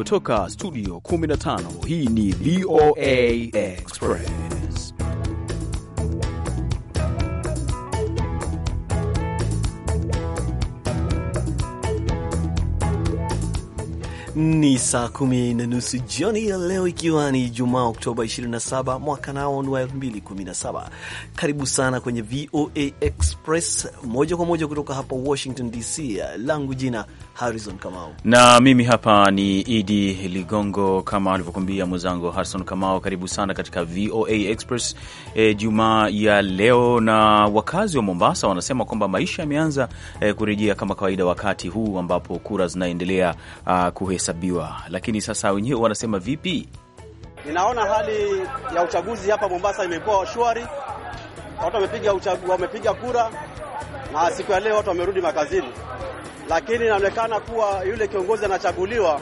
kutoka studio 15 hii ni VOA Express. Ni saa kumi na nusu jioni ya leo, ikiwa ni Jumaa Oktoba 27 mwaka nao ni wa 2017. Karibu sana kwenye VOA Express moja kwa moja kutoka hapa Washington DC, langu jina Harrison Kamau na mimi hapa ni Idi Ligongo, kama alivyokuambia mwenzangu Harrison Kamau. Karibu sana katika VOA Express e, Jumaa ya leo. Na wakazi wa Mombasa wanasema kwamba maisha yameanza e, kurejea kama kawaida, wakati huu ambapo kura zinaendelea kuhesabiwa. Lakini sasa wenyewe wanasema vipi? Ninaona hali ya uchaguzi hapa Mombasa imekuwa shwari, watu wamepiga wamepiga kura na siku ya leo watu wamerudi makazini lakini inaonekana kuwa yule kiongozi anachaguliwa,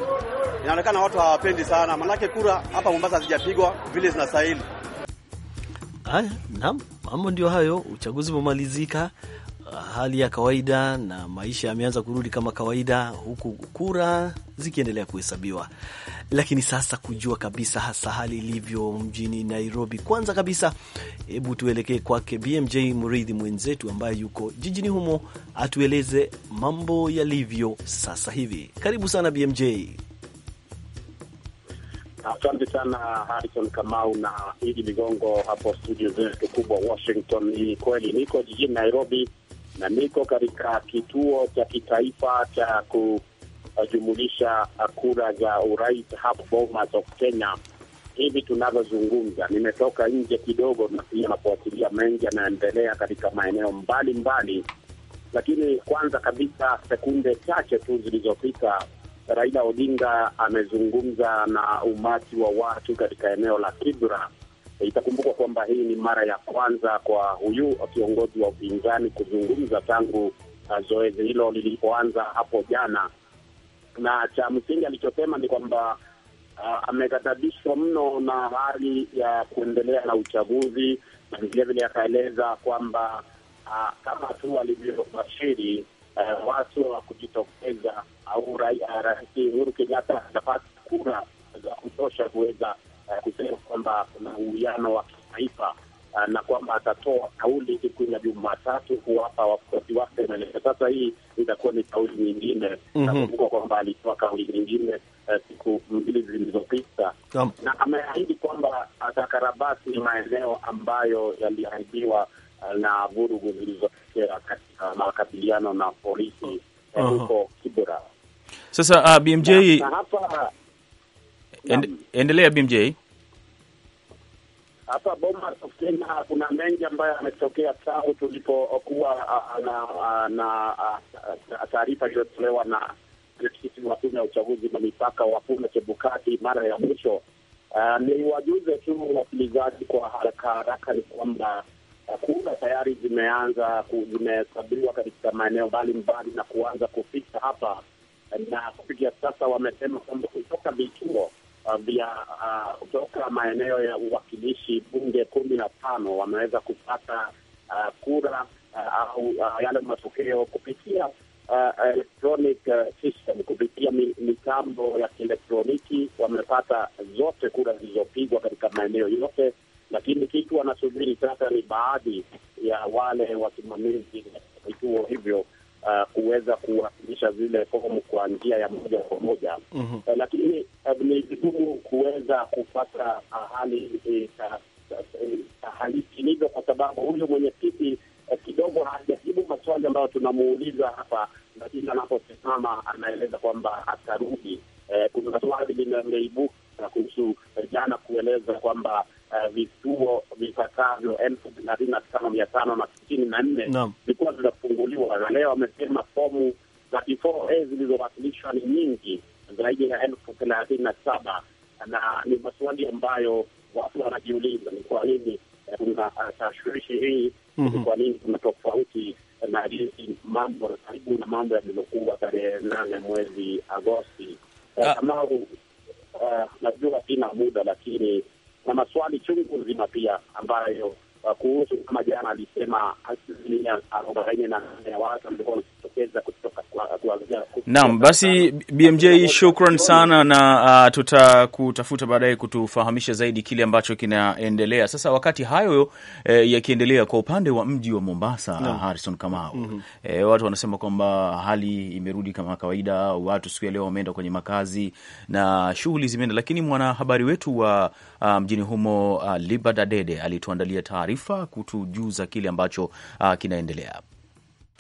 inaonekana watu hawapendi sana, manake kura hapa Mombasa hazijapigwa vile zinastahili. Haya, naam, mambo ndio hayo. Uchaguzi umemalizika, hali ya kawaida na maisha yameanza kurudi kama kawaida, huku kura zikiendelea kuhesabiwa lakini sasa kujua kabisa hasa hali ilivyo mjini Nairobi. Kwanza kabisa, hebu tuelekee kwake BMJ Mridhi mwenzetu ambaye yuko jijini humo, atueleze mambo yalivyo sasa hivi. Karibu sana BMJ. Asante sana Harison Kamau na Idi Ligongo hapo studio zetu kubwa Washington. Hii kweli niko jijini Nairobi na niko katika kituo cha kitaifa cha ku ajumulisha kura za urais hapo Bomas of Kenya. Hivi tunavyozungumza, nimetoka nje kidogo, na pia nafuatilia mengi yanaendelea katika maeneo mbalimbali, lakini kwanza kabisa, sekunde chache tu zilizopita, Raila Odinga amezungumza na umati wa watu katika eneo la Kibra. Itakumbukwa kwamba hii ni mara ya kwanza kwa huyu kiongozi wa upinzani kuzungumza tangu uh, zoezi hilo lilipoanza hapo jana na cha msingi alichosema ni kwamba uh, amekatabishwa mno na hali ya kuendelea na uchaguzi, na vilevile akaeleza kwamba uh, kama tu alivyobashiri uh, watu wa kujitokeza au uh, Rais Uhuru Kenyatta atapata kura za kutosha kuweza uh, kusema kwamba kuna uwiano wa kitaifa Ah, na kwamba atatoa kauli siku ya Jumatatu kuwapa wafuasi wake maelezo. Sasa hii itakuwa ni kauli nyingine. Mhm. Nakumbuka kwamba alitoa kauli nyingine eh, siku mbili zilizopita, na ameahidi kwamba atakarabati maeneo ambayo yaliharibiwa eh, na vurugu zilizotokea katika makabiliano na polisi eh, huko Kibra. Sasa ah, BMJ, endelea BMJ hapa Bomas of Kenya kuna mengi ambayo yametokea tangu tulipokuwa uh, na, uh, na uh, taarifa iliyotolewa na mwenyekiti wa tume ya uchaguzi na mipaka wa Wafula Chebukati mara ya mwisho. ni wajuze tu wasikilizaji kwa haraka haraka ni kwamba kura tayari zimeanza zimesabiriwa katika maeneo mbalimbali na kuanza kufika hapa, na kufikia sasa wamesema kwamba kutoka vituo vya ah, ah, kutoka maeneo ya uwakilishi bunge kumi na tano wameweza kupata uh, kura au uh, uh, yale matokeo kupitia uh, electronic system, kupitia mitambo ya kielektroniki. Wamepata zote kura zilizopigwa katika maeneo yote, lakini kitu wanasubiri sasa ni baadhi ya wale wasimamizi vituo hivyo uh, kuweza kuwasilisha zile fomu kwa njia ya moja kwa moja mm -hmm. uh, lakini uh, ni vigumu kuweza kupata uh, hali eh, hali ilivyo, kwa sababu huyu mwenyekiti uh, kidogo hajajibu maswali ambayo tunamuuliza hapa, lakini anaposimama anaeleza kwamba atarudi. Uh, kuna swali limeibuka kuhusu jana kueleza kwamba uh, vituo vipatavyo elfu thelathini na tano mia tano na sitini na nne vilikuwa zinafunguliwa, na leo amesema fomu za zilizowasilishwa ni nyingi zaidi ya elfu thelathini na saba na ni maswali ambayo watu wanajiuliza ni kwa nini eh, kuna eh, tashwishi hii, mhm. ni kwa nini kuna tofauti na jinsi mambo karibu na mambo yalivyokuwa tarehe nane mwezi Agosti. Ah. Kamau, najua sina muda lakini na maswali chungu nzima pia ambayo uh, kuhusu, kama jana alisema asilimia arobaini na nane ya watu walikuwa kuwekeza kutoka kwa, naam. Basi BMJ, shukran sana na uh, tutakutafuta baadaye kutufahamisha zaidi kile ambacho kinaendelea sasa. Wakati hayo eh, yakiendelea kwa upande wa mji wa Mombasa no. Harrison Kamau mm -hmm. eh, watu wanasema kwamba hali imerudi kama kawaida, watu siku ya leo wameenda kwenye makazi na shughuli zimeenda, lakini mwanahabari wetu wa uh, mjini humo uh, ah, Libada Dede alituandalia taarifa kutujuza kile ambacho uh, kinaendelea.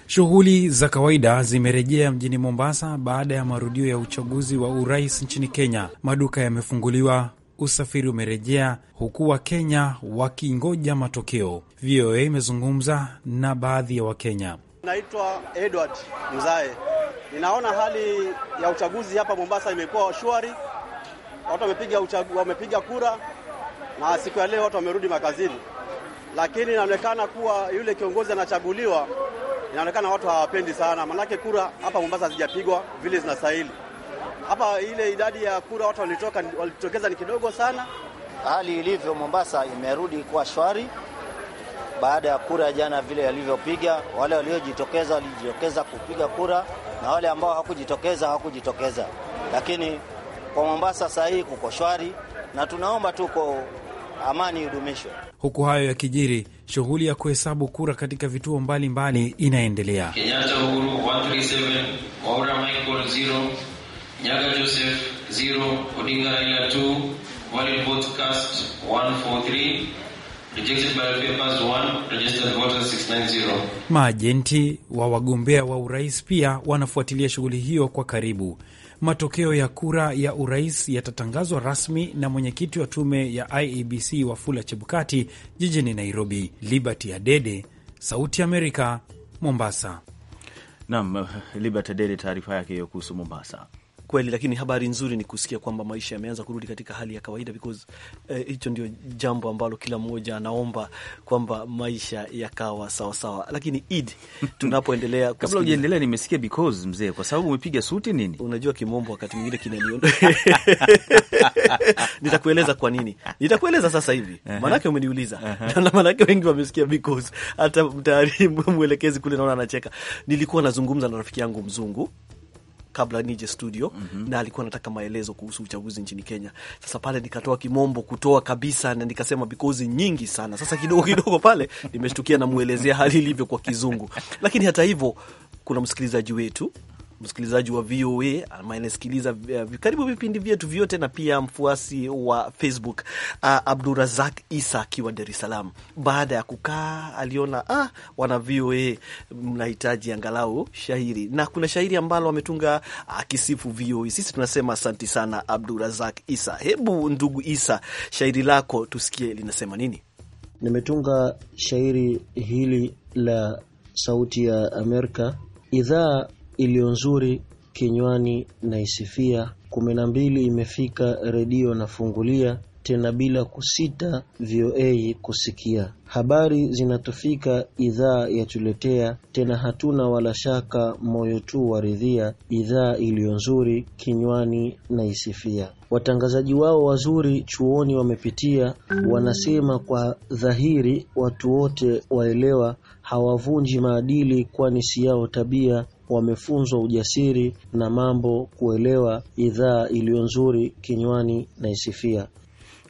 Shughuli za kawaida zimerejea mjini Mombasa baada ya marudio ya uchaguzi wa urais nchini Kenya. Maduka yamefunguliwa, usafiri umerejea, huku Wakenya wakingoja matokeo. VOA imezungumza na baadhi ya Wakenya. Naitwa Edward Mzae. Ninaona hali ya uchaguzi hapa Mombasa imekuwa shwari, watu wamepiga wamepiga kura na siku ya leo watu wamerudi makazini, lakini inaonekana kuwa yule kiongozi anachaguliwa inaonekana watu hawapendi sana, manake kura hapa Mombasa hazijapigwa vile zinastahili. Hapa ile idadi ya kura watu walitoka walitokeza ni kidogo sana. Hali ilivyo Mombasa imerudi kuwa shwari baada ya kura ya jana vile yalivyopiga. Wale waliojitokeza walijitokeza kupiga kura na wale ambao hawakujitokeza hawakujitokeza. Lakini kwa Mombasa saa hii kuko shwari, na tunaomba tuko amani idumishwe, huku hayo yakijiri shughuli ya kuhesabu kura katika vituo mbalimbali mbali inaendelea. Kenyatta Uhuru 137, Waura Michael 0, Nyaga Joseph 0, Odinga Raila 2, 143, rejected papers 1, registered voters 690. Maajenti wa wagombea wa urais pia wanafuatilia shughuli hiyo kwa karibu. Matokeo ya kura ya urais yatatangazwa rasmi na mwenyekiti wa tume ya IEBC Wafula Chebukati jijini Nairobi. Liberty Adede, Sauti Amerika, Mombasa. Nam Liberty Adede, taarifa yake kuhusu Mombasa kweli, lakini habari nzuri ni kusikia kwamba maisha yameanza kurudi katika hali ya kawaida because eh, hicho eh, ndio jambo ambalo kila mmoja anaomba kwamba maisha yakawa sawa sawa. Lakini Eid tunapoendelea kabla ujaendelea, nimesikia because mzee, kwa sababu umepiga suti nini, unajua kimombo wakati mwingine kinaniondoa nitakueleza kwa nini, nitakueleza sasa hivi uh -huh. maanake umeniuliza uh -huh. na maanake wengi wamesikia because hata mtaaribu mwelekezi kule naona anacheka. Nilikuwa nazungumza na rafiki yangu mzungu kabla nije studio mm -hmm. na alikuwa anataka maelezo kuhusu uchaguzi nchini Kenya. Sasa pale nikatoa kimombo kutoa kabisa, na nikasema because nyingi sana. Sasa kidogo kidogo pale nimeshtukia namuelezea hali ilivyo kwa Kizungu, lakini hata hivyo kuna msikilizaji wetu msikilizaji wa VOA anasikiliza karibu vipindi vyetu vyote, na pia mfuasi wa Facebook uh, Abdurazak Isa akiwa Dar es Salaam. Baada ya kukaa aliona ah, wana VOA mnahitaji angalau shairi, na kuna shairi ambalo ametunga uh, akisifu uh, VOA. Sisi tunasema asanti sana Abdurazak Isa. Hebu ndugu Isa, shairi lako tusikie linasema nini? Nimetunga shairi hili la Sauti ya Amerika. Idhaa iliyo nzuri kinywani naisifia, kumi na mbili imefika redio nafungulia tena bila kusita VOA kusikia habari zinatufika, idhaa yatuletea tena, hatuna wala shaka, moyo tu waridhia, idhaa iliyo nzuri kinywani na isifia. Watangazaji wao wazuri chuoni wamepitia, wanasema kwa dhahiri, watu wote waelewa, hawavunji maadili, kwani si yao tabia wamefunzwa ujasiri na mambo kuelewa idhaa iliyo nzuri kinywani na isifia.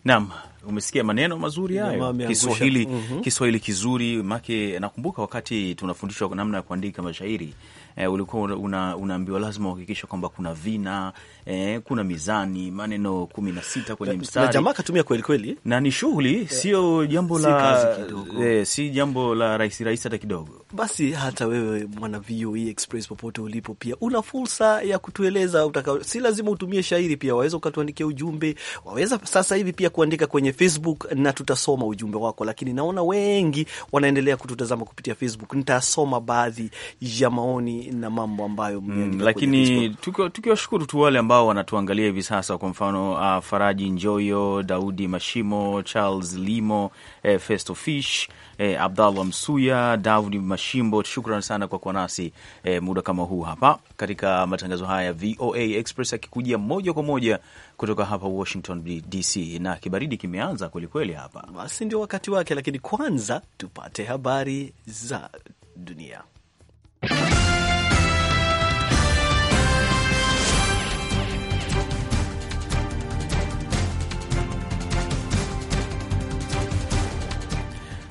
Naam. Umesikia maneno mazuri hayo, Kiswahili mm -hmm. Kiswahili kizuri make. Nakumbuka wakati tunafundishwa namna ya kuandika mashairi eh, ulikuwa una, unaambiwa lazima uhakikisha kwamba kuna vina eh, kuna mizani, maneno kumi na sita kwenye mstari, jamaa katumia kweli kweli, na ni shughuli, eh, sio jambo la eh, si jambo la rahisi rahisi hata kidogo. Basi hata wewe mwana VOA e Express popote ulipo, pia una fursa ya kutueleza utaka, si lazima utumie shairi, pia waweza ukatuandikia ujumbe, waweza sasa hivi pia kuandika kwenye Facebook na tutasoma ujumbe wako, lakini naona wengi wanaendelea kututazama kupitia Facebook. Nitasoma baadhi ya maoni na mambo ambayo mm, lakini tukiwashukuru tu wale ambao ambao wanatuangalia hivi sasa, kwa mfano uh, Faraji Njoyo, Daudi Mashimo, Charles Limo, eh, Festo Fish, eh, Abdallah Msuya, Daudi Mashimbo, shukran sana kwa kuwa nasi eh, muda kama huu hapa katika matangazo haya ya VOA Express akikujia moja kwa moja kutoka hapa Washington DC, na kibaridi kimeanza kwelikweli hapa. Basi ndio wakati wake, lakini kwanza tupate habari za dunia.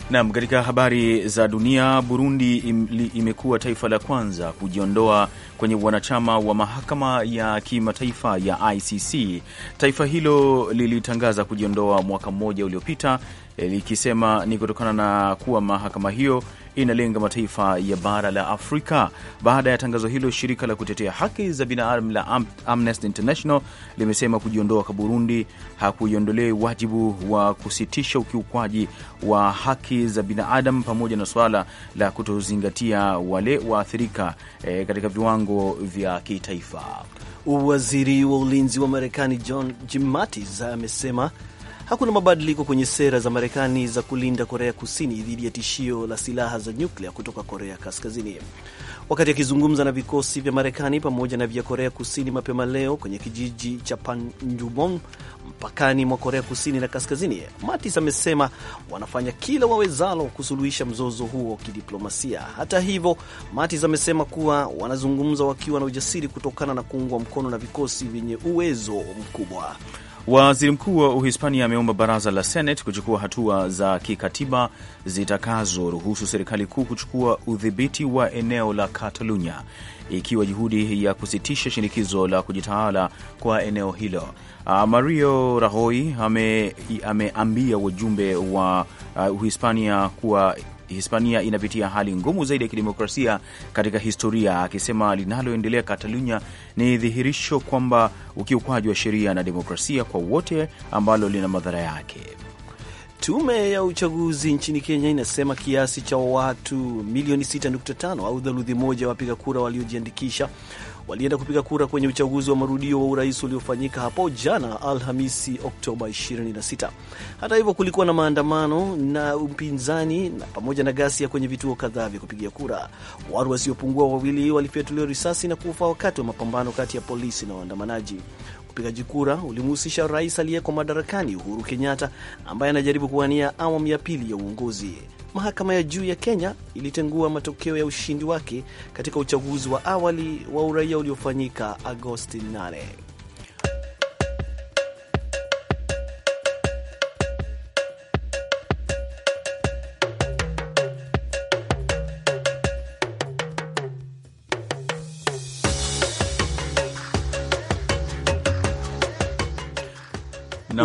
Nam, katika habari za dunia, Burundi im, imekuwa taifa la kwanza kujiondoa kwenye wanachama wa mahakama ya kimataifa ya ICC. Taifa hilo lilitangaza kujiondoa mwaka mmoja uliopita likisema ni kutokana na kuwa mahakama hiyo inalenga mataifa ya bara la Afrika. Baada ya tangazo hilo, shirika la kutetea haki za binadamu la Amnesty International limesema kujiondoa kwa Burundi hakuiondolei wajibu wa kusitisha ukiukwaji wa haki za binadamu pamoja na suala la kutozingatia wale waathirika e, katika viwango vya kitaifa. Waziri wa ulinzi wa Marekani John Jim Mattis amesema Hakuna mabadiliko kwenye sera za Marekani za kulinda Korea Kusini dhidi ya tishio la silaha za nyuklia kutoka Korea Kaskazini. Wakati akizungumza na vikosi vya Marekani pamoja na vya Korea Kusini mapema leo kwenye kijiji cha panjumon mpakani mwa Korea Kusini na Kaskazini, Mattis amesema wanafanya kila wawezalo kusuluhisha mzozo huo kidiplomasia. Hata hivyo, Mattis amesema kuwa wanazungumza wakiwa na ujasiri kutokana na kuungwa mkono na vikosi vyenye uwezo mkubwa. Waziri mkuu wa Uhispania ameomba baraza la Senate kuchukua hatua za kikatiba zitakazoruhusu serikali kuu kuchukua udhibiti wa eneo la Katalunya, ikiwa juhudi ya kusitisha shinikizo la kujitawala kwa eneo hilo. Ah, Mario Rajoy ameambia ame wajumbe wa ah, Uhispania kuwa Hispania inapitia hali ngumu zaidi ya kidemokrasia katika historia, akisema linaloendelea Katalunya ni dhihirisho kwamba ukiukwaji wa sheria na demokrasia kwa wote ambalo lina madhara yake. Tume ya uchaguzi nchini Kenya inasema kiasi cha watu milioni 6.5 au theluthi moja wapiga kura waliojiandikisha walienda kupiga kura kwenye uchaguzi wa marudio wa urais uliofanyika hapo jana Alhamisi, Oktoba 26. Hata hivyo, kulikuwa na maandamano na upinzani na pamoja na ghasia kwenye vituo kadhaa vya kupiga kura. Watu wasiopungua wawili walifyatuliwa risasi na kufa wakati wa mapambano kati ya polisi na waandamanaji. Upigaji kura ulimhusisha rais aliyeko madarakani Uhuru Kenyatta ambaye anajaribu kuwania awamu ya pili ya uongozi mahakama ya juu ya Kenya ilitengua matokeo ya ushindi wake katika uchaguzi wa awali wa uraia uliofanyika Agosti 8.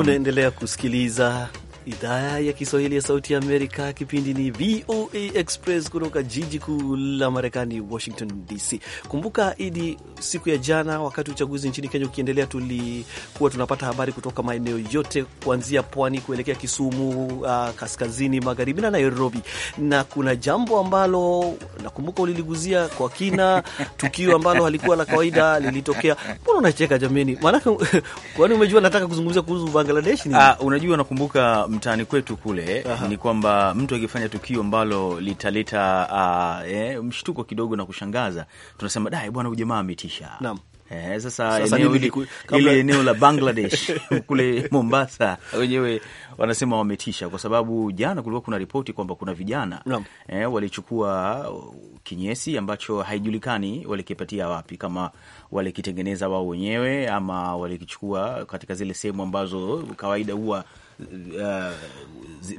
Unaendelea kusikiliza Idhaa ya Kiswahili ya Sauti ya Amerika. Kipindi ni VOA Express kutoka jiji kuu la Marekani, Washington DC. Kumbuka Idi, siku ya jana, wakati uchaguzi nchini Kenya ukiendelea, tulikuwa tunapata habari kutoka maeneo yote kuanzia pwani kuelekea Kisumu, uh, kaskazini magharibi na Nairobi, na kuna jambo ambalo nakumbuka uliliguzia kwa kina, tukio ambalo halikuwa la kawaida lilitokea. Mbona unacheka jameni? Maanake kwani umejua nataka kuzungumzia kuhusu Bangladesh? Uh, unajua nakumbuka mtaani kwetu kule Aha. ni kwamba mtu akifanya tukio ambalo litaleta uh, eh, mshtuko kidogo na kushangaza, tunasema dai bwana, ujamaa ametisha. Naam. Eh, sasa, sasa eneo ili, kabla... eneo la Bangladesh kule Mombasa wenyewe wanasema wametisha, kwa sababu jana kulikuwa kuna ripoti kwamba kuna vijana eh, walichukua kinyesi ambacho haijulikani walikipatia wapi, kama walikitengeneza wao wenyewe ama walikichukua katika zile sehemu ambazo kawaida huwa uh,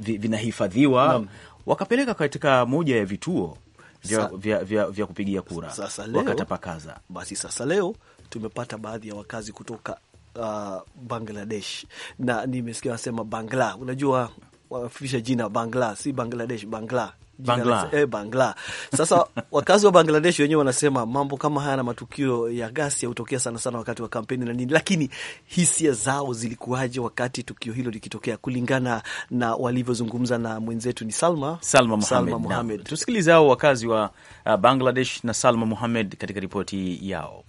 vinahifadhiwa wakapeleka katika moja ya vituo vya, vya, vya, vya kupigia kura wakatapakaza. Basi sasa leo tumepata baadhi ya wakazi kutoka uh, Bangladesh na nimesikia wasema Bangla, unajua wafisha jina Bangla si Bangladesh, Bangla Bangla. Eh, Bangla. Sasa wakazi wa Bangladesh wenyewe wanasema mambo kama haya na matukio ya gasi hutokea sana sana wakati wa kampeni na nini, lakini hisia zao zilikuwaje wakati tukio hilo likitokea? Kulingana na walivyozungumza na mwenzetu ni Salma, Salma Salma Tusikilize hao wakazi wa uh, Bangladesh na Salma Muhamed katika ripoti yao.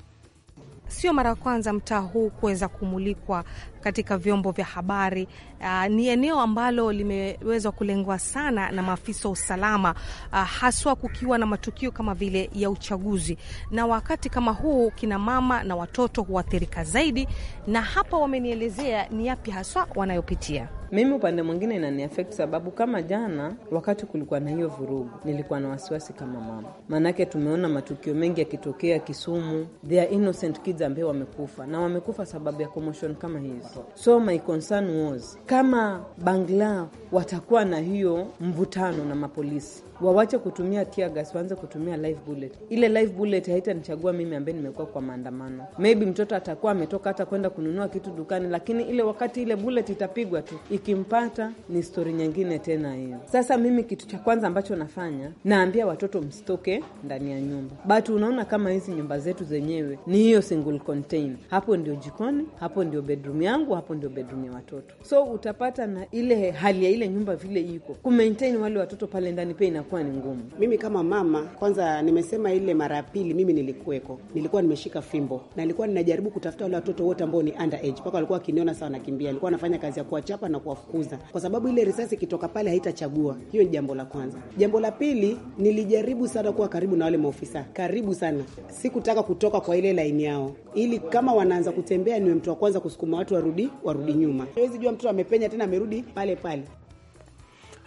Sio mara ya kwanza mtaa huu kuweza kumulikwa katika vyombo vya habari. Uh, ni eneo ambalo limeweza kulengwa sana na maafisa wa usalama uh, haswa kukiwa na matukio kama vile ya uchaguzi, na wakati kama huu kina mama na watoto huathirika zaidi, na hapa wamenielezea ni yapi haswa wanayopitia. Mimi upande mwingine inaniafekti, sababu kama jana wakati kulikuwa na hiyo vurugu, nilikuwa na wasiwasi kama mama, maanake tumeona matukio mengi yakitokea Kisumu, there are innocent kids ambao wamekufa na wamekufa sababu ya commotion kama hizi. Kristo. So my concern was kama Bangla watakuwa na hiyo mvutano na mapolisi wawache kutumia tear gas, waanze kutumia live bullet. Ile live bullet haitanichagua mimi ambaye nimekuwa kwa maandamano. Maybe mtoto atakuwa ametoka hata kwenda kununua kitu dukani, lakini ile wakati ile bullet itapigwa tu, ikimpata ni stori nyingine tena hiyo. Sasa mimi kitu cha kwanza ambacho nafanya, naambia watoto msitoke ndani ya nyumba. But unaona kama hizi nyumba zetu zenyewe ni hiyo single contain. Hapo ndio jikoni, hapo ndio bedroom yangu, hapo ndio bedroom ya watoto. So utapata na ile hali ya ile nyumba vile iko kumaintain wale watoto pale ndani pia inakuwa ni ngumu. Mimi kama mama, kwanza nimesema ile mara ya pili, mimi nilikuweko, nilikuwa nimeshika fimbo na nilikuwa ninajaribu kutafuta wale watoto wote ambao ni underage, mpaka walikuwa wakiniona sawa nakimbia. Alikuwa anafanya kazi ya kuwachapa na kuwafukuza, kwa sababu ile risasi ikitoka pale haitachagua. Hiyo ni jambo la kwanza. Jambo la pili, nilijaribu sana kuwa karibu na wale maofisa, karibu sana, sikutaka kutoka kwa ile laini yao, ili kama wanaanza kutembea niwe mtu wa kwanza kusukuma watu warudi warudi nyuma. Hawezi jua mtoto amepenya tena amerudi pale pale.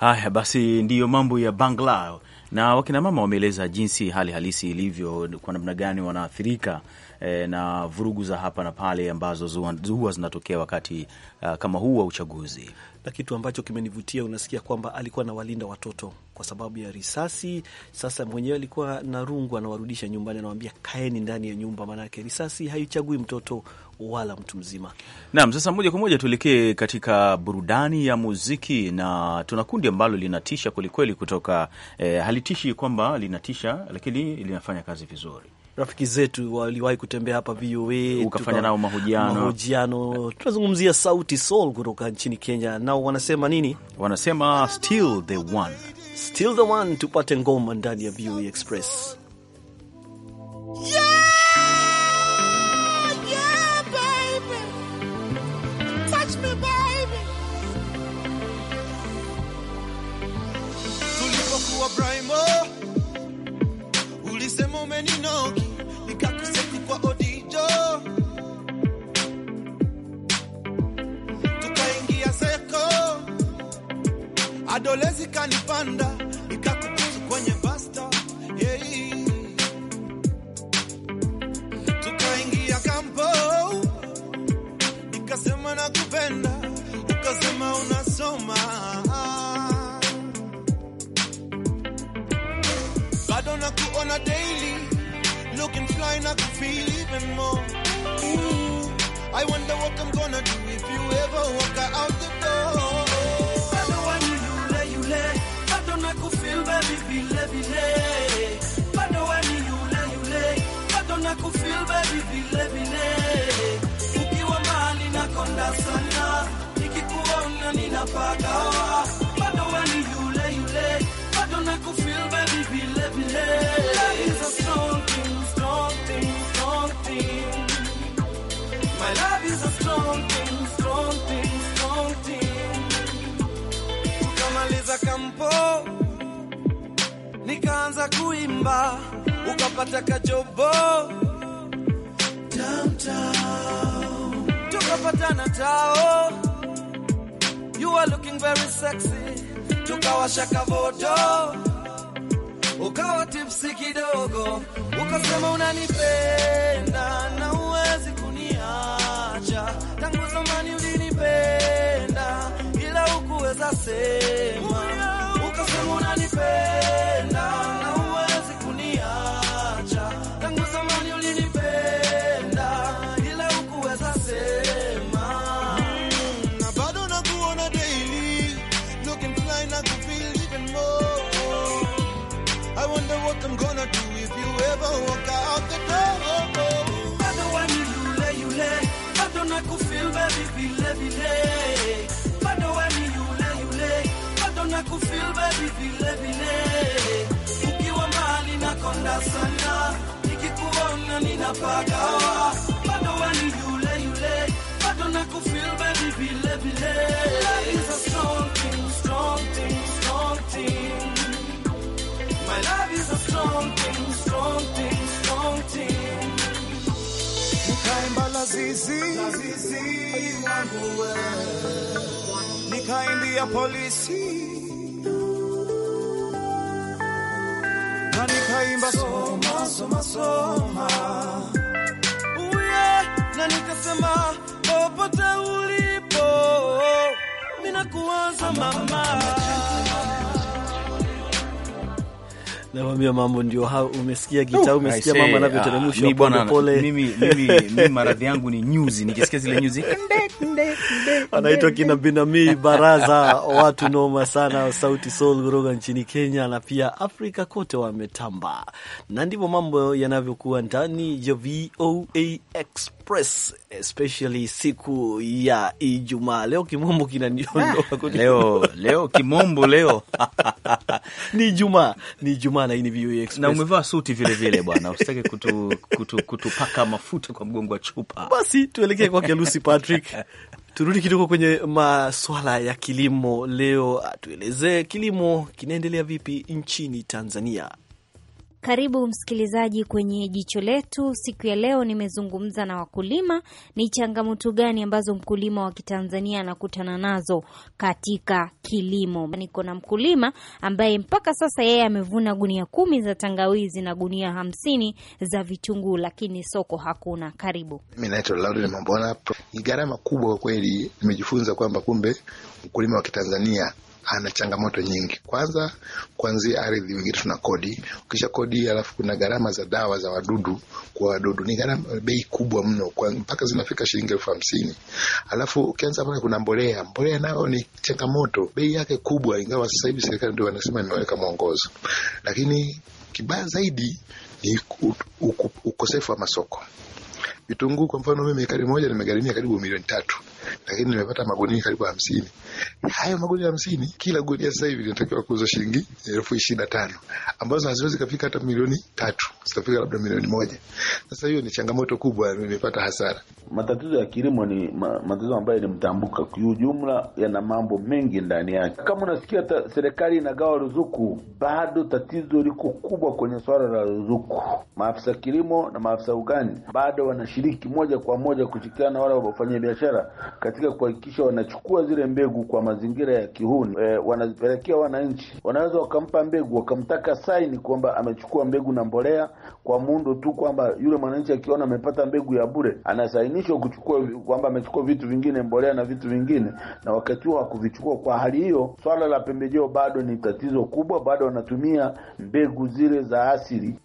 Haya basi, ndiyo mambo ya Bangla na wakinamama wameeleza jinsi hali halisi ilivyo, kwa namna gani wanaathirika e, na vurugu za hapa na pale ambazo huwa zinatokea wakati uh, kama huu wa uchaguzi. Na kitu ambacho kimenivutia, unasikia kwamba alikuwa anawalinda watoto kwa sababu ya risasi. Sasa mwenyewe alikuwa na rungu anawarudisha nyumbani, anawambia kaeni ndani ya nyumba, maanake risasi haichagui mtoto wala mtu mzima. Naam, sasa moja kwa moja tuelekee katika burudani ya muziki, na tuna kundi ambalo linatisha kwelikweli kutoka eh, halitishi kwamba linatisha, lakini linafanya kazi vizuri rafiki zetu waliwahi kutembea hapa VOA, ukafanya nao mahojiano mahojiano. Tunazungumzia Sauti Sol kutoka nchini Kenya, nao wanasema nini? Wanasema still the one, still the one. Tupate ngoma ndani ya VOA Express. ndolezi kanipanda ikakutuzu kwenye basta yeah. Tukaingia kampo nikasema kupenda ukasema unasoma bado na kuona daily looking fly na kufeel even more Ooh, I wonder what I'm gonna do if you ever vile vile bado we ni yule yule, bado na kufeel baby vile vile, ukiwa mahali na konda sana, nikikuona ninapagawa, bado we ni yule yule, bado na kufeel baby vile vile ukamaliza kampo nikaanza kuimba ukapata kajobo downtown, tukapatana tao, you are looking very sexy, tukawasha kavoto ukawa tipsi kidogo, ukasema unanipenda na uwezi kuniacha, tangu zamani ulinipenda ila ukuweza sema kufeel baby vile vile, ukiwa mbali na konda sana, nikikuona ninapagawa, bado wani yule yule, bado na kufeel baby vile vile. Love is a strong thing, strong thing, strong thing. My love is a strong thing, strong thing, strong thing. Nikaimba lazizi, lazizi wangu wewe, nikaimbia polisi na nikaimba soma soma soma, uye na nikasema popote ulipo minakuwaza mama naambia mambo ndio hao, umesikia oh, gita, umesikia mambo ah, anavyoteremshwa bwana pole. Mimi mimi mimi maradhi yangu ni nyuzi, nikisikia zile nyuzi anaitwa kina Binami Baraza, watu noma sana, Sauti Soul kutoka nchini Kenya na pia Afrika kote wametamba, na ndivyo mambo yanavyokuwa ndani ya VOA Express, especially siku ya Ijumaa. Leo kimombo kinaniondoa ah, leo, leo kimombo leo ni Jumaa, ni Jumaa na ini VOA Express. Na umevaa suti vile vile bwana, usitake kutu, kutu, kutupaka mafuta kwa mgongo wa chupa. Basi tuelekee kwake Lucy Patrick. Turudi kidogo kwenye maswala ya kilimo leo, atuelezee kilimo kinaendelea vipi nchini Tanzania. Karibu msikilizaji kwenye jicho letu. Siku ya leo nimezungumza na wakulima, ni changamoto gani ambazo mkulima wa Kitanzania anakutana nazo katika kilimo. Niko na mkulima ambaye mpaka sasa yeye amevuna gunia kumi za tangawizi na gunia hamsini za vitunguu, lakini soko hakuna. Karibu. Mi naitwa Laurent Mambona. Ni gharama kubwa kwa kweli, nimejifunza kwamba kumbe mkulima wa Kitanzania ana changamoto nyingi. Kwanza, kuanzia ardhi, wengine tuna kodi, ukisha kodi, alafu kuna gharama za dawa za wadudu kwa wadudu, ni gharama bei kubwa mno, mpaka zinafika shilingi elfu hamsini. Alafu ukianza pale, kuna mbolea, mbolea nayo ni changamoto, bei yake kubwa, ingawa sasa hivi serikali ndio wanasema imeweka mwongozo, lakini kibaya zaidi ni ukosefu wa masoko. Vitunguu kwa mfano mimi ekari moja nimegharimia karibu milioni tatu, lakini nimepata magunia karibu hamsini. Hayo magunia hamsini, kila gunia sasa hivi linatakiwa kuuza shilingi elfu ishirini na tano ambazo haziwezi kafika hata milioni tatu zitafika labda milioni moja. Sasa hiyo ni changamoto kubwa, imepata hasara. Matatizo ya kilimo ni ma, matatizo ambayo ilimtambuka kiujumla, yana mambo mengi ndani yake. Kama unasikia serikali inagawa ruzuku, bado tatizo liko kubwa kwenye swala la ruzuku. Maafisa kilimo na maafisa ugani bado wanashiriki moja kwa moja kushirikiana na wale wafanya biashara katika kuhakikisha wanachukua zile mbegu kwa mazingira ya kihuni e, wanazipelekea wananchi. Wanaweza wakampa mbegu wakamtaka saini kwamba amechukua mbegu na mbolea kwa muundo tu kwamba yule mwananchi akiona amepata mbegu ya bure anasainishwa kuchukua kwamba amechukua vitu vingine, mbolea na vitu vingine, na wakati wa kuvichukua. Kwa hali hiyo, swala la pembejeo bado ni tatizo kubwa, bado wanatumia mbegu zile za asili.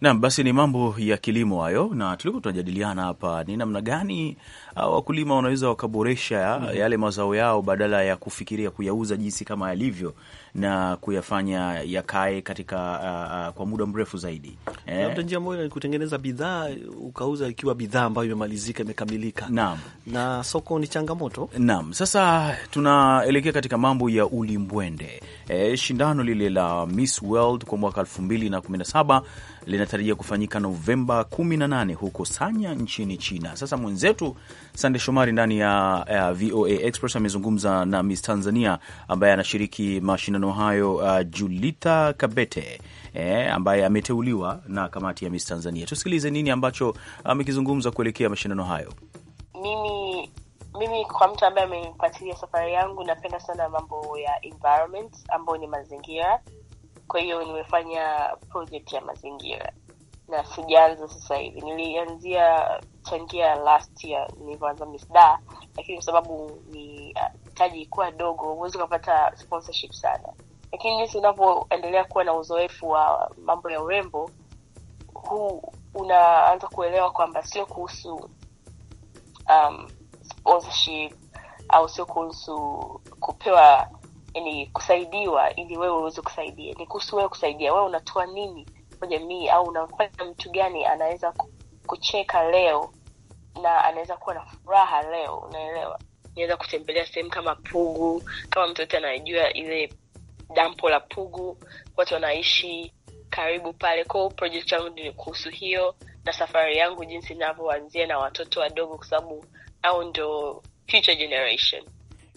Naam, basi ni mambo ya kilimo hayo, na tulikuwa tunajadiliana hapa ni namna gani ah, wakulima wanaweza wakaboresha mm -hmm. yale mazao yao badala ya kufikiria kuyauza jinsi kama yalivyo na kuyafanya yakae katika uh, uh, kwa muda mrefu zaidi eh? Labda njia moja ni kutengeneza bidhaa ukauza ikiwa bidhaa ambayo imemalizika imekamilika. Naam, na soko ni changamoto. Naam, sasa tunaelekea katika mambo ya ulimbwende E, shindano lile la Miss World kwa mwaka elfu mbili na kumi na saba linatarajia kufanyika Novemba 18 huko Sanya nchini China. Sasa mwenzetu Sande Shomari ndani ya, uh, VOA Express amezungumza na Miss Tanzania ambaye anashiriki mashindano hayo uh, Julita Kabete eh, ambaye ameteuliwa na kamati ya Miss Tanzania. Tusikilize nini ambacho amekizungumza kuelekea mashindano hayo. Mimi mimi kwa mtu ambaye amenifuatilia safari yangu, napenda sana mambo ya environment ambayo ni mazingira kwa hiyo nimefanya project ya mazingira na sijaanza sasa hivi, nilianzia changia last year nilivyoanza misda, lakini kwa sababu ni uh, taji ikuwa dogo, huwezi ukapata sponsorship sana, lakini jinsi unavyoendelea kuwa na uzoefu wa mambo ya urembo huu unaanza kuelewa kwamba sio kuhusu um, sponsorship au sio kuhusu kupewa yani kusaidiwa ili wewe uweze kusaidia. Ni kuhusu wewe kusaidia, wewe unatoa nini kwa jamii, au unafanya mtu gani anaweza kucheka leo na anaweza kuwa na furaha leo, unaelewa? Niweza kutembelea sehemu kama Pugu, kama mtu yote anajua ile dampo la Pugu, watu wanaishi karibu pale. ko project yangu ni kuhusu hiyo na safari yangu jinsi inavyoanzia na watoto wadogo, kwa sababu au ndo future generation.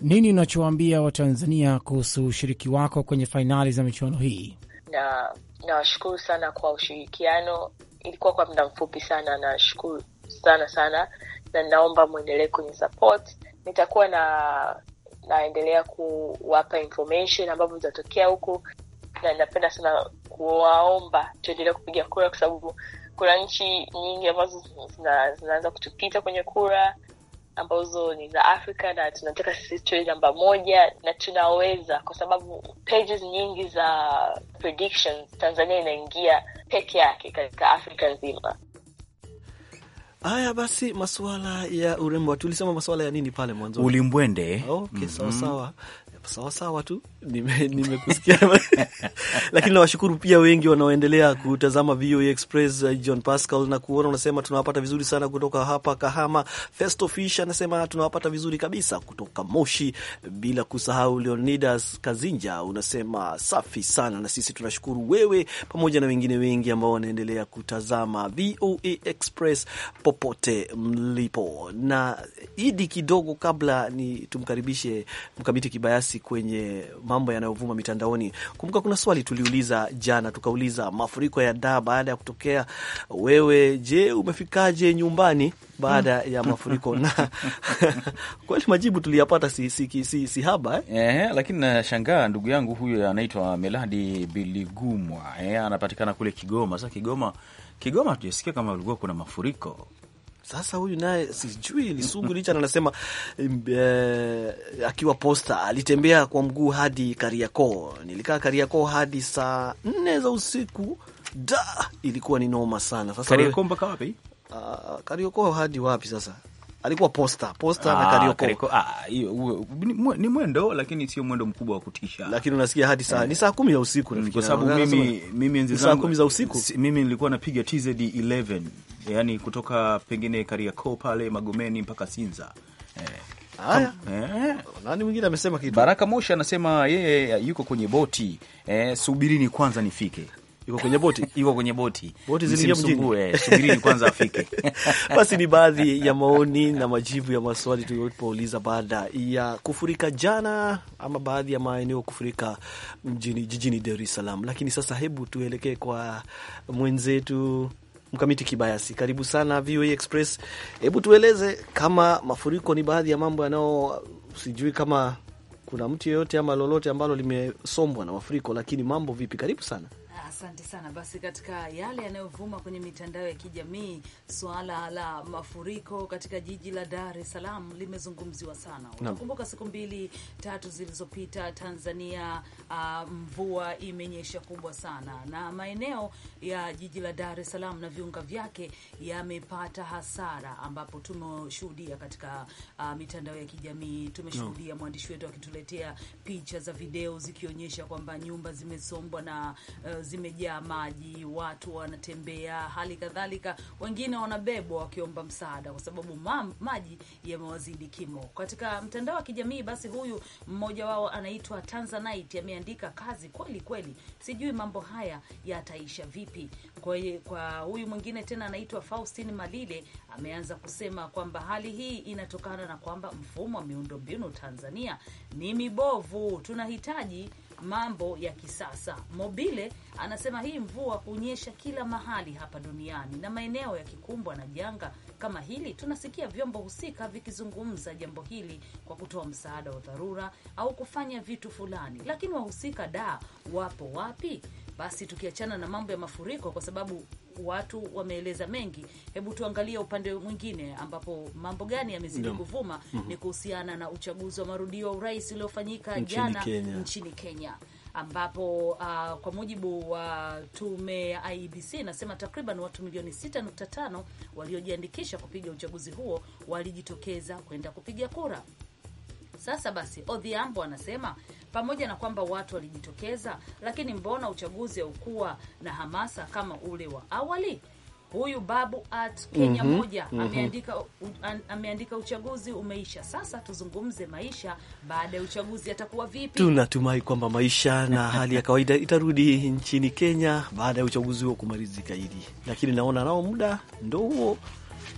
Nini unachowaambia Watanzania kuhusu ushiriki wako kwenye fainali za michuano hii? Na nawashukuru sana kwa ushirikiano, ilikuwa kwa muda mfupi sana. Nashukuru sana sana, na naomba mwendelee kwenye support. Nitakuwa na naendelea kuwapa information ambavyo vitatokea huku, na napenda sana kuwaomba tuendelee kupiga kura, kwa sababu kuna nchi nyingi ambazo zinaanza kutupita kwenye kura ambazo ni za Afrika na tunataka sisi tuwe namba moja na tunaweza, kwa sababu pages nyingi za predictions Tanzania inaingia peke yake katika Afrika nzima. Haya basi, masuala ya urembo, tulisema masuala ya nini pale mwanzo, ulimbwende. Okay, mm -hmm. sawasawa Sawasawa tu, nimekusikia nime lakini nawashukuru pia wengi wanaoendelea kutazama VOA Express. Uh, John Pascal na kuona unasema tunawapata vizuri sana kutoka hapa Kahama. Festo Fish anasema tunawapata vizuri kabisa kutoka Moshi, bila kusahau Leonidas Kazinja unasema safi sana, na sisi tunashukuru wewe pamoja na wengine wengi ambao wanaendelea kutazama VOA Express popote mlipo. Na idi kidogo, kabla ni tumkaribishe Mkamiti Kibayasi basi kwenye mambo yanayovuma mitandaoni. Kumbuka kuna swali tuliuliza jana, tukauliza mafuriko ya daa baada ya kutokea, wewe je, umefikaje nyumbani baada hmm. ya mafuriko? na kweli majibu tuliyapata si, si, si, si haba eh? Eh, lakini nashangaa ndugu yangu huyo anaitwa Meladi Biligumwa eh, anapatikana kule Kigoma. Sasa Kigoma, Kigoma tujasikia kama ulikuwa kuna mafuriko sasa huyu naye sijui Lisugu Richard anasema e, akiwa posta alitembea kwa mguu hadi Kariakoo. Nilikaa Kariakoo hadi saa nne za usiku da, ilikuwa ni noma sana. Sasa Kariakoo mpaka wapi? Uh, Kariakoo hadi wapi sasa alikuwa posta posta ah, na Karioko. Karioko. Ah, hiyo ni mwendo lakini sio mwendo mkubwa wa kutisha, lakini unasikia hadi saa eh. ni saa kumi za usiku nafikiri, kwa sababu mimi mimi enzi zangu saa kumi za usiku mimi nilikuwa napiga TZD 11 yani kutoka pengine Kariakoo pale Magomeni mpaka Sinza eh. Haya. Eh. Nani mwingine amesema kitu? Baraka Moshi anasema yeye yuko kwenye boti eh, subirini kwanza nifike iko kwenye boti, iko kwenye boti, boti zilizo zilimsumbue. Subirini kwanza afike. Basi ni baadhi ya maoni na majibu ya maswali tuliyopouliza baada ya kufurika jana, ama baadhi ya maeneo kufurika mjini jijini Dar es Salaam. Lakini sasa hebu tuelekee kwa mwenzetu Mkamiti Kibayasi, karibu sana VOA Express. Hebu tueleze kama mafuriko ni baadhi ya mambo yanao, sijui kama kuna mtu yeyote ama lolote ambalo limesombwa na mafuriko, lakini mambo vipi? Karibu sana. Asante sana. Basi, katika yale yanayovuma kwenye mitandao ya kijamii, suala la mafuriko katika jiji la Dar es Salaam limezungumziwa sana. Unakumbuka siku mbili tatu zilizopita Tanzania, uh, mvua imenyesha kubwa sana, na maeneo ya jiji la Dar es Salaam na viunga vyake yamepata hasara, ambapo tumeshuhudia katika uh, mitandao ya kijamii tumeshuhudia no. mwandishi wetu akituletea picha za video zikionyesha kwamba nyumba zimesombwa na uh, zimejaa maji, watu wanatembea, hali kadhalika wengine wanabebwa wakiomba msaada kwa sababu ma maji yamewazidi kimo. Katika mtandao wa kijamii basi, huyu mmoja wao anaitwa Tanzanite ameandika kazi kweli kweli, sijui mambo haya yataisha vipi. Kwa, kwa huyu mwingine tena anaitwa Faustin Malile ameanza kusema kwamba hali hii inatokana na kwamba mfumo wa miundombinu Tanzania ni mibovu, tunahitaji mambo ya kisasa. Mobile anasema hii mvua hunyesha kila mahali hapa duniani, na maeneo yakikumbwa na janga kama hili, tunasikia vyombo husika vikizungumza jambo hili kwa kutoa msaada wa dharura au kufanya vitu fulani, lakini wahusika da wapo wapi? Basi tukiachana na mambo ya mafuriko, kwa sababu watu wameeleza mengi. Hebu tuangalie upande mwingine, ambapo mambo gani yamezidi kuvuma mm -hmm. ni kuhusiana na uchaguzi wa marudio wa urais uliofanyika jana Kenya. nchini Kenya ambapo uh, kwa mujibu wa tume ya IEBC inasema takriban watu milioni 6.5 waliojiandikisha kupiga uchaguzi huo walijitokeza kwenda kupiga kura. Sasa basi, Odhiambo anasema pamoja na kwamba watu walijitokeza, lakini mbona uchaguzi haukuwa na hamasa kama ule wa awali? Huyu babu at Kenya mm -hmm, moja mhm. ameandika, u, ameandika ameandika uchaguzi umeisha, sasa tuzungumze maisha baada ya uchaguzi yatakuwa vipi? Tunatumai kwamba maisha na hali ya kawaida itarudi nchini Kenya baada ya uchaguzi huo kumalizika hili, lakini naona nao muda ndo huo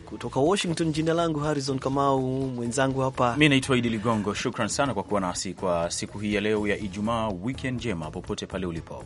kutoka Washington, jina langu Harrison Kamau, mwenzangu hapa mi naitwa Idi Ligongo. Shukran sana kwa kuwa nasi kwa siku hii ya leo ya Ijumaa. Wikendi njema popote pale ulipo.